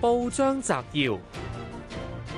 報章摘要：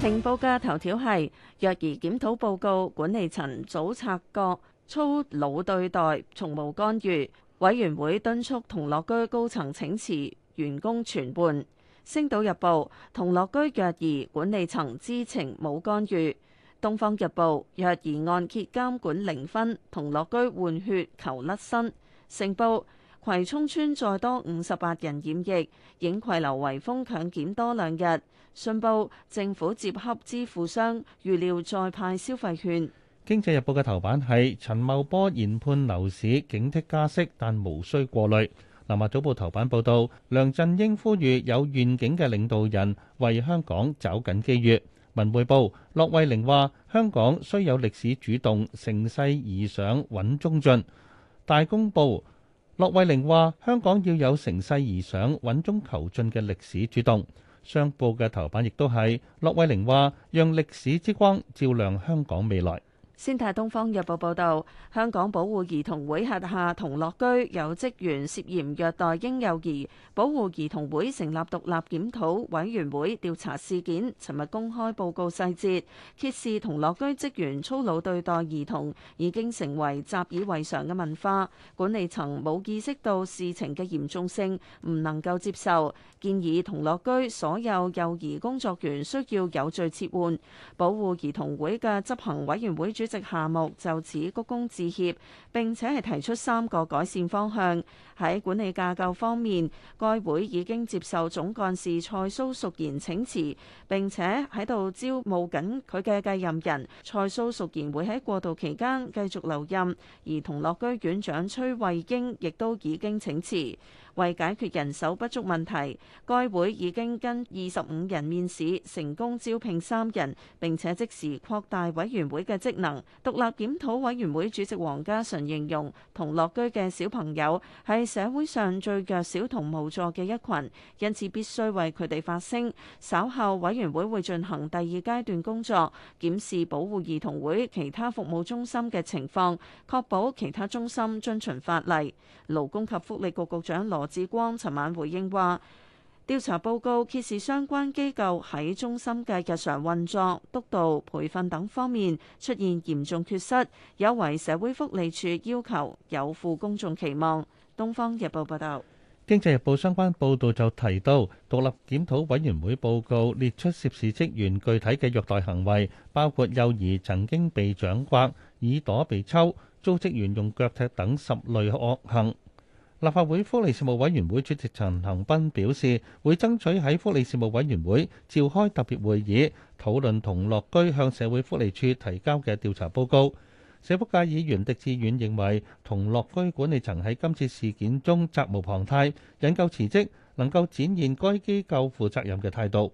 晴報嘅頭條係：弱兒檢討報告，管理層早察覺，粗魯對待，從無干預。委員會敦促同樂居高層請辭，員工全換。星島日報：同樂居弱兒管理層知情冇干預。東方日報：弱兒按揭監管零分，同樂居換血求甩身。成報葵涌村再多五十八人染疫，影葵樓圍封，強檢多兩日。信報政府接洽支付商，預料再派消費券。經濟日報嘅頭版係陳茂波研判樓市警惕加息，但無需過慮。南華早報頭版報道，梁振英呼籲有願景嘅領導人為香港找緊機遇。文匯報駱惠寧話，香港需有歷史主動，乘勢而上，穩中進。大公報。駱惠寧話：香港要有乘勢而上、穩中求進嘅歷史主動，商報嘅頭版亦都係駱惠寧話：讓歷史之光照亮香港未來。《先睇東方日報》報道，香港保護兒童會轄下同樂居有職員涉嫌虐待嬰幼兒，保護兒童會成立獨立檢討委員會調查事件，尋日公開報告細節，揭示同樂居職員粗魯對待兒童已經成為習以為常嘅文化，管理層冇意識到事情嘅嚴重性，唔能夠接受，建議同樂居所有幼兒工作員需要有序撤換，保護兒童會嘅執行委員會主。項目就此鞠躬致歉，並且係提出三個改善方向。喺管理架構方面，該會已經接受總幹事蔡蘇淑賢請辭，並且喺度招募緊佢嘅繼任人。蔡蘇淑賢會喺過渡期間繼續留任，而同樂居院長崔慧英亦都已經請辭。為解決人手不足問題，該會已經跟二十五人面試，成功招聘三人，並且即時擴大委員會嘅職能。獨立檢討委員會主席黃家純形容，同樂居嘅小朋友係社會上最弱小同無助嘅一群，因此必須為佢哋發聲。稍後委員會會進行第二階段工作，檢視保護兒童會其他服務中心嘅情況，確保其他中心遵循法例。勞工及福利局局長羅羅志光尋晚回應話：調查報告揭示相關機構喺中心嘅日常運作、督導、培訓等方面出現嚴重缺失，有違社會福利署要求，有負公眾期望。東方日報報道，經濟日報相關報道就提到，獨立檢討委員會報告列出涉事職員具體嘅虐待行為，包括幼兒曾經被掌摑、耳朵被抽、遭職員用腳踢等十類惡行。立法會福利事務委員會主席陳恆斌表示，會爭取喺福利事務委員會召開特別會議，討論同樂居向社會福利署提交嘅調查報告。社福界議員狄志遠認為，同樂居管理層喺今次事件中責無旁貸，引咎辭職，能夠展現該機構負責任嘅態度。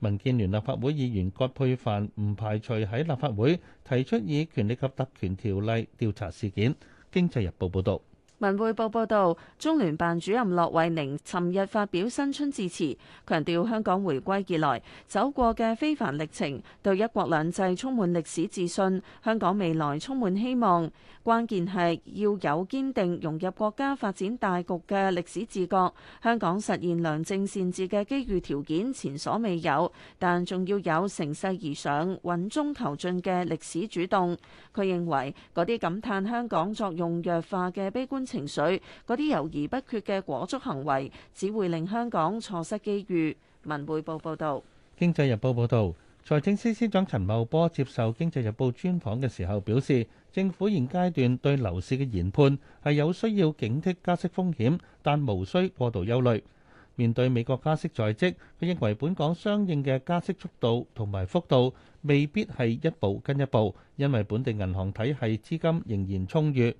民建聯立法會議員葛珮帆唔排除喺立法會提出以權力及特權條例調查事件。經濟日報報導。文匯報報道，中聯辦主任駱惠寧尋日發表新春致辭，強調香港回歸以來走過嘅非凡歷程，對一國兩制充滿歷史自信，香港未來充滿希望，關鍵係要有堅定融入國家發展大局嘅歷史自覺。香港實現良政善治嘅機遇條件前所未有，但仲要有乘勢而上、穩中求進嘅歷史主動。佢認為嗰啲感嘆香港作用弱化嘅悲觀情緒嗰啲猶豫不決嘅裹足行為，只會令香港錯失機遇。文匯報報道，經濟日報報道，財政司司長陳茂波接受經濟日報專訪嘅時候表示，政府現階段對樓市嘅研判係有需要警惕加息風險，但無需過度憂慮。面對美國加息在即，佢認為本港相應嘅加息速度同埋幅度未必係一步跟一步，因為本地銀行體系資金仍然充裕。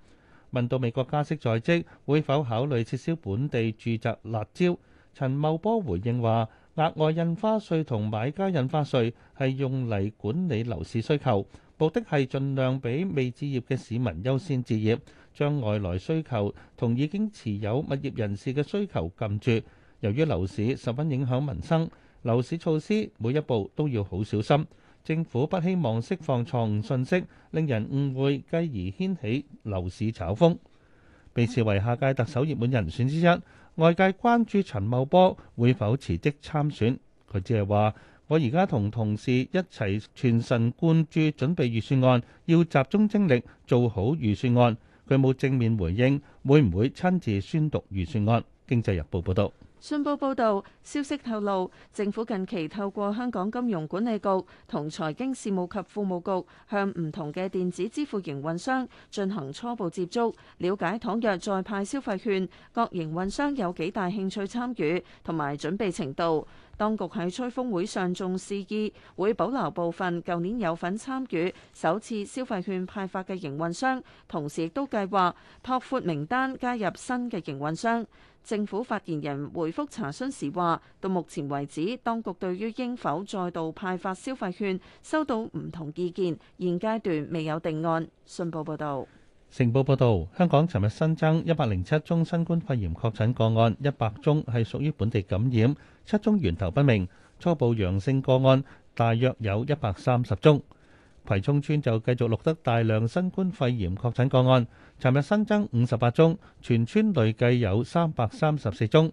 問到美國加息在即，會否考慮撤銷本地住宅辣招？陳茂波回應話：額外印花稅同買家印花稅係用嚟管理樓市需求，目的係盡量俾未置業嘅市民優先置業，將外來需求同已經持有物業人士嘅需求禁絕。由於樓市十分影響民生，樓市措施每一步都要好小心。政府不希望釋放錯誤信息，令人誤會，繼而掀起樓市炒風。被視為下屆特首熱門人選之一，外界關注陳茂波會否辭職參選。佢只係話：我而家同同事一齊全神貫注準備預算案，要集中精力做好預算案。佢冇正面回應，會唔會親自宣讀預算案。經濟日報報導。信報報導，消息透露，政府近期透過香港金融管理局同財經事務及庫務局向唔同嘅電子支付營運商進行初步接觸，了解倘若再派消費券，各營運商有幾大興趣參與同埋準備程度。當局喺吹風會上仲示意，會保留部分舊年有份參與首次消費券派發嘅營運商，同時亦都計劃擴闊名單，加入新嘅營運商。政府發言人回覆查詢時話，到目前為止，當局對於應否再度派發消費券收到唔同意見，現階段未有定案。信報報道。成報報道，香港尋日新增一百零七宗新冠肺炎確診個案，一百宗係屬於本地感染，七宗源頭不明，初步陽性個案大約有一百三十宗。葵涌村就繼續錄得大量新冠肺炎確診個案，尋日新增五十八宗，全村累計有三百三十四宗。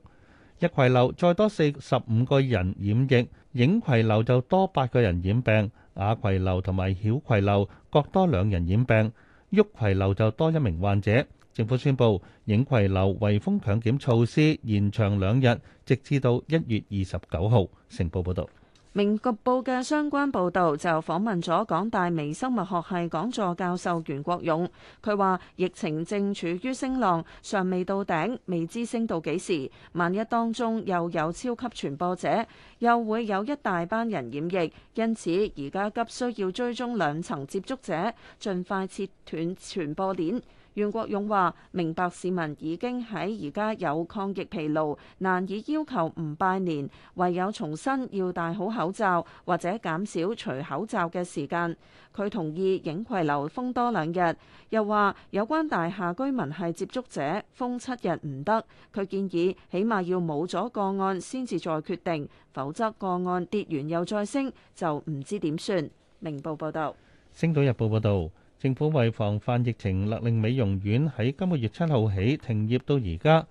日葵樓再多四十五個人染疫，影葵樓就多八個人染病，雅葵樓同埋曉葵樓各多兩人染病，旭葵樓就多一名患者。政府宣布影葵樓圍封強檢措施延長兩日，直至到一月二十九號。成報報道。明局報嘅相關報導就訪問咗港大微生物學系講座教授袁國勇，佢話疫情正處於升浪，尚未到頂，未知升到幾時。萬一當中又有超級傳播者，又會有一大班人染疫，因此而家急需要追蹤兩層接觸者，盡快切斷傳播鏈。袁國勇話：明白市民已經喺而家有抗疫疲勞，難以要求唔拜年，唯有重新要戴好口罩或者減少除口罩嘅時間。佢同意影葵樓封多兩日，又話有關大廈居民係接觸者，封七日唔得。佢建議起碼要冇咗個案先至再決定，否則個案跌完又再升就唔知點算。明報報道，《星島日報》報道。政府為防範疫情，勒令美容院喺今個月七號起停業到而家。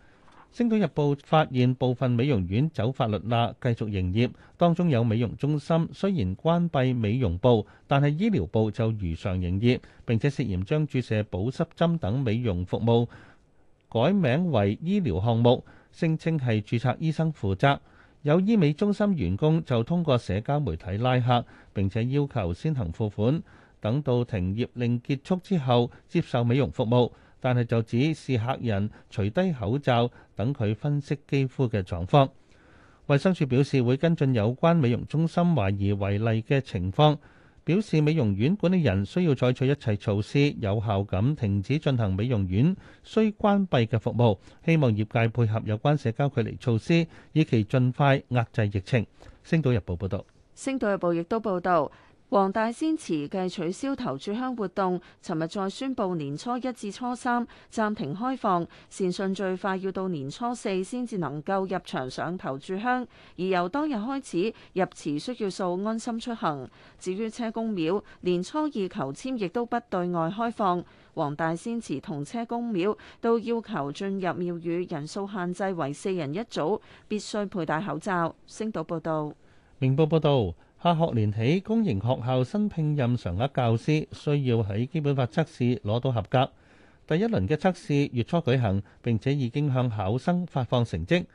星島日報發現部分美容院走法律罅，繼續營業。當中有美容中心雖然關閉美容部，但係醫療部就如常營業。並且涉嫌將注射保濕針等美容服務改名為醫療項目，聲稱係註冊醫生負責。有醫美中心員工就通過社交媒體拉客，並且要求先行付款。等到停業令結束之後接受美容服務，但係就指示客人除低口罩，等佢分析肌膚嘅狀況。衛生署表示會跟進有關美容中心懷疑違例嘅情況，表示美容院管理人需要採取一切措施，有效咁停止進行美容院需關閉嘅服務，希望業界配合有關社交距離措施，以期盡快遏制疫情。星島日報報道。星島日報亦都報道。黃大仙祠繼取消頭炷香活動，尋日再宣布年初一至初三暫停開放，善信最快要到年初四先至能夠入場上頭炷香，而由當日開始，入祠需要掃安心出行。至於車公廟，年初二求簽亦都不對外開放。黃大仙祠同車公廟都要求進入廟宇，人數限制為四人一組，必須佩戴口罩。星島報道，明報報道。下學年起，公營學校新聘任常額教師需要喺基本法測試攞到合格。第一輪嘅測試月初舉行，並且已經向考生發放成績。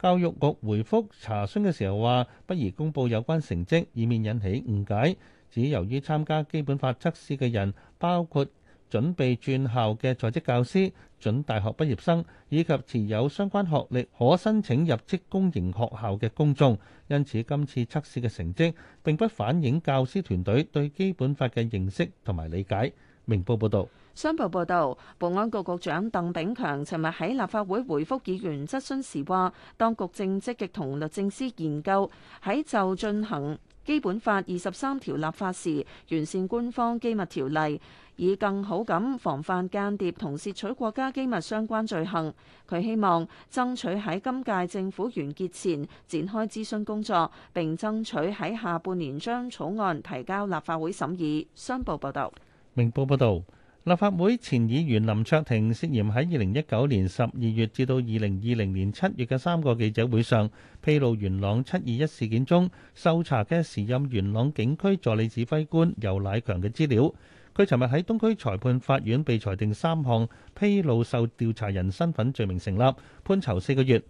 教育局回覆查詢嘅時候話，不宜公佈有關成績，以免引起誤解。只由於參加基本法測試嘅人，包括準備轉校嘅在職教師、準大學畢業生以及持有相關學歷可申請入職公營學校嘅公眾，因此今次測試嘅成績並不反映教師團隊對基本法嘅認識同埋理解。明報報道，商報報道，保安局局長鄧炳強尋日喺立法會回覆議員質詢時話，當局正積極同律政司研究，喺就進行基本法二十三條立法時，完善官方機密條例，以更好咁防範間諜同竊取國家機密相關罪行。佢希望爭取喺今屆政府完結前展開諮詢工作，並爭取喺下半年將草案提交立法會審議。商報報道。明報報導。立法會前議員林卓廷涉嫌喺二零一九年十二月至到二零二零年七月嘅三個記者會上，披露元朗七二一事件中受查嘅時任元朗警區助理指揮官游乃強嘅資料。佢尋日喺東區裁判法院被裁定三項披露受調查人身份罪名成立，判囚四個月。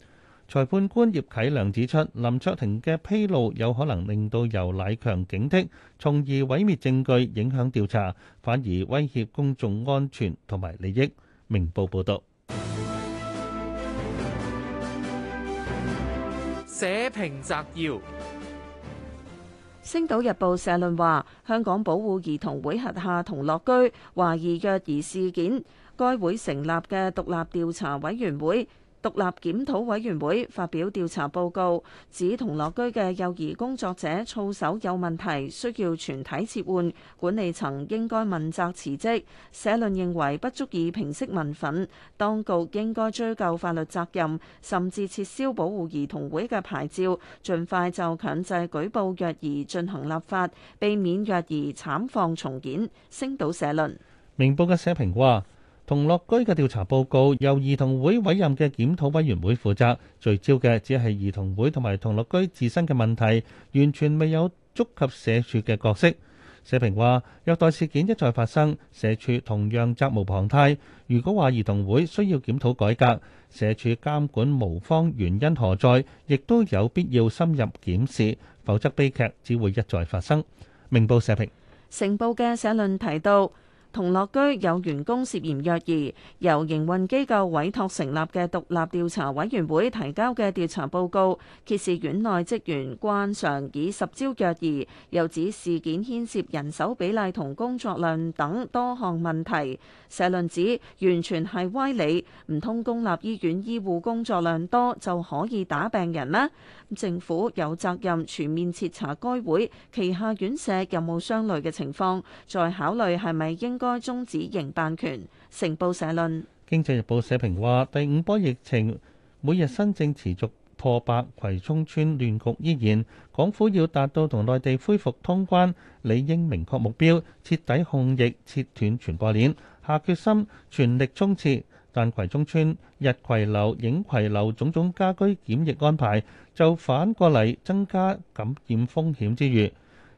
裁判官葉啟良指出，林卓廷嘅披露有可能令到游乃強警惕，從而毀滅證據，影響調查，反而威脅公眾安全同埋利益。明報報道。社評摘要，《星島日報》社論話，香港保護兒童會轄下同樂居懷疑虐兒事件，該會成立嘅獨立調查委員會。獨立檢討委員會發表調查報告，指同樂居嘅幼兒工作者操守有問題，需要全體撤換，管理層應該問責辭職。社論認為不足以平息民憤，當局應該追究法律責任，甚至撤銷保護兒童會嘅牌照，盡快就強制舉報虐兒進行立法，避免虐兒慘況重演。星島社論，《明報》嘅社評話。同樂居嘅調查報告由兒童會委任嘅檢討委員會負責，聚焦嘅只係兒童會同埋同樂居自身嘅問題，完全未有觸及社署嘅角色。社評話：虐待事件一再發生，社署同樣責無旁貸。如果話兒童會需要檢討改革，社署監管無方，原因何在？亦都有必要深入檢視，否則悲劇只會一再發生。明報社評，成報嘅社論提到：同樂居有員工涉嫌虐兒，由營運機構委託成立嘅獨立調查委員會提交嘅調查報告，揭示院內職員慣常以十招虐兒，又指事件牽涉人手比例同工作量等多項問題。社論指完全係歪理，唔通公立醫院醫護工作量多就可以打病人咩？政府有責任全面徹查該會旗下院舍有冇相類嘅情況，再考慮係咪應該終止營辦權，承報社論。《經濟日報》社評話：第五波疫情每日新增持續破百，葵涌村亂局依然。港府要達到同內地恢復通關，理應明確目標，徹底控疫，切斷傳播鏈，下決心全力衝刺。但葵涌村日葵樓、影葵樓，種種家居檢疫安排，就反過嚟增加感染風險之餘。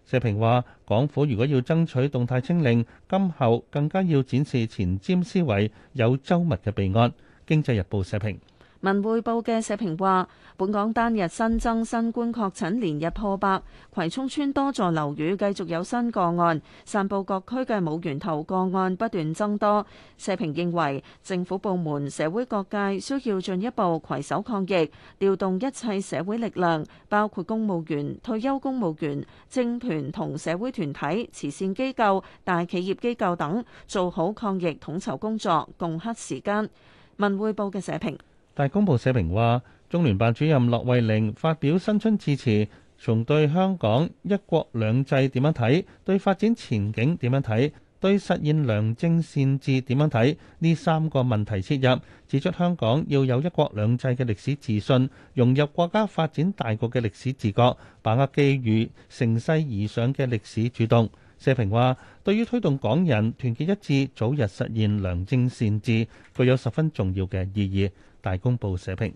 社評話：港府如果要爭取動態清零，今後更加要展示前瞻思維，有周密嘅備案。經濟日報社評。文匯報嘅社評話：本港單日新增新冠確診連日破百，葵涌村多座樓宇繼續有新個案，散布各區嘅冇源頭個案不斷增多。社評認為，政府部門、社會各界需要進一步携手抗疫，調動一切社會力量，包括公務員、退休公務員、政團同社會團體、慈善機構、大企業機構等，做好抗疫統籌工作，共克時艱。文匯報嘅社評。大公報社評話，中聯辦主任駱惠寧發表新春致辭，從對香港一國兩制點樣睇、對發展前景點樣睇、對實現良政善治點樣睇呢三個問題切入，指出香港要有一國兩制嘅歷史自信，融入國家發展大局嘅歷史自覺，把握機遇乘勢而上嘅歷史主動。社評話，對於推動港人團結一致、早日實現良政善治，具有十分重要嘅意義。大公報社評。